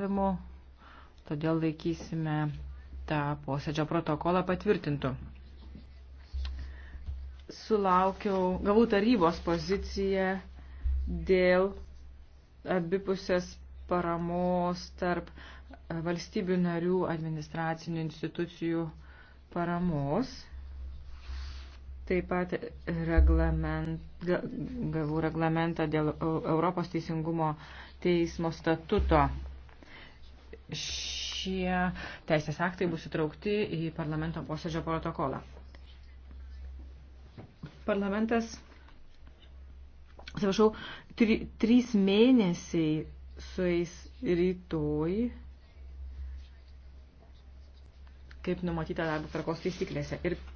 balsavimu, todėl laikysime tą posėdžio protokolą patvirtintų. Sulaukiau, gavau tarybos poziciją dėl abipusės paramos tarp e, valstybių narių administracinių institucijų paramos. Taip pat reglament, gavau reglamentą dėl e, Europos teisingumo teismo statuto šie teisės aktai bus įtraukti į parlamento posėdžio protokolą. Parlamentas, atsiprašau, tri, trys mėnesiai sueis rytoj, kaip numatyta darbo tvarkos taisyklėse. Ir